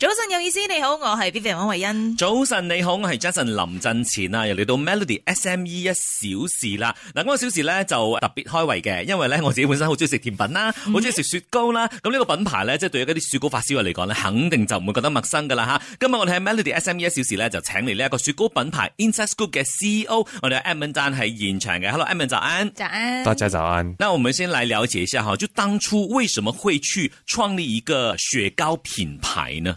早晨有意思，你好，我係 Vivian 王慧欣。早晨你好，我係 Jason 林振前啊，又嚟到 Melody S M E 一小時啦。嗱，個小時咧，就特別開胃嘅，因為咧我自己本身好中意食甜品啦，好中意食雪糕啦。咁呢個品牌咧，即係對於嗰啲雪糕發燒友嚟講咧，肯定就唔會覺得陌生噶啦吓。今日我哋喺 Melody S M E 一小時咧就請嚟呢一個雪糕品牌 Inside Scoop 嘅 C E O，我哋 Edmund 讚係現場嘅。hello Edmund 早安。早安。多謝早安。那我們先來了解一下就當初為什麼會去創立一個雪糕品牌呢？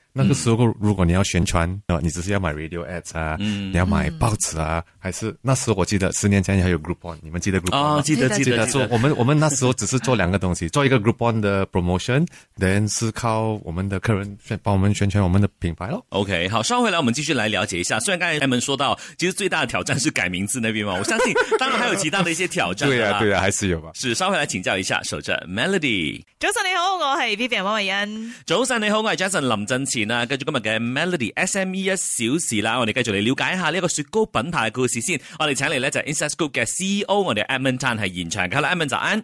那個時候如果你要宣傳啊，你只是要買 radio ads 啊，你要買報紙啊，還是那時候我記得十年前你還有 group on，你們記得 group on 嗎？記得記得做，我們我們那時候只是做兩個東西，做一個 group on 的 promotion，then 是靠我們的客人幫我們宣傳我們的品牌咯。OK，好，稍後回來，我們繼續來了解一下。雖然剛才開門說到，其實最大的挑戰是改名字那邊嘛，我相信當然還有其他的一些挑戰。對啊，對啊，還是有吧。是，稍後回來請教一下，守着 Melody。早晨你好，我係 Vivian 溫慧欣。早晨你好，我係 Jason 林振慈。跟住今日嘅 Melody SME 一小時啦，我哋繼續嚟了解一下呢個雪糕品牌嘅故事先。我哋請嚟呢就係 Inside Scoop 嘅 CEO，我哋 Edmund Tan 係現場㗎啦。Edmund 早安。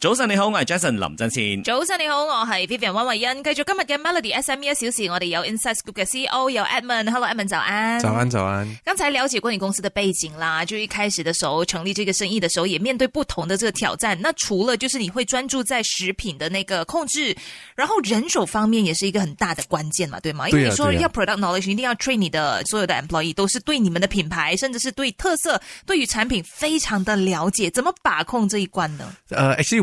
早晨你好，我係 Jason 林振先。早晨你好，我係 Vivian 溫慧欣。繼續今日嘅 Melody SME s 小時，我哋有 Inside Group 嘅 C.O. 有 Edmund，Hello Edmund，早，早安。早安，早安。剛才了解過你公司的背景啦，就一開始的時候成立這個生意的時候，也面對不同的這個挑戰。那除了就是你會專注在食品的那個控制，然後人手方面也是一個很大的關鍵嘛，對嗎？對啊、因為你說要 product knowledge，一定要 train 你的所有的 employee，都是對你們的品牌，甚至是對特色，對於產品非常的了解，怎麼把控這一關呢？呃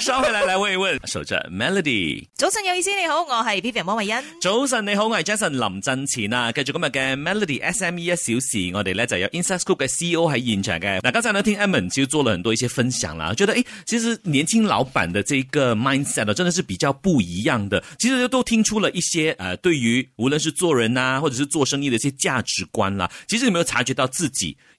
收翻 來來問一問，守着 Melody。早晨有意思，你好，我係 B B M 王慧欣。早晨你好，我是 Jason 林振前啊。繼續今日嘅 Melody S M E 一小時，我哋咧就有 Inside Group 嘅 C E O 喺現場嘅。嗱，剛才呢聽 Emman 其實做了很多一些分享啦，覺得誒，其實年輕老闆的這個 mindset 啊，真的是比較不一樣的。其實都聽出了一些，呃對於無論是做人啊，或者是做生意的一些價值觀啦。其實你有沒有察覺到自己？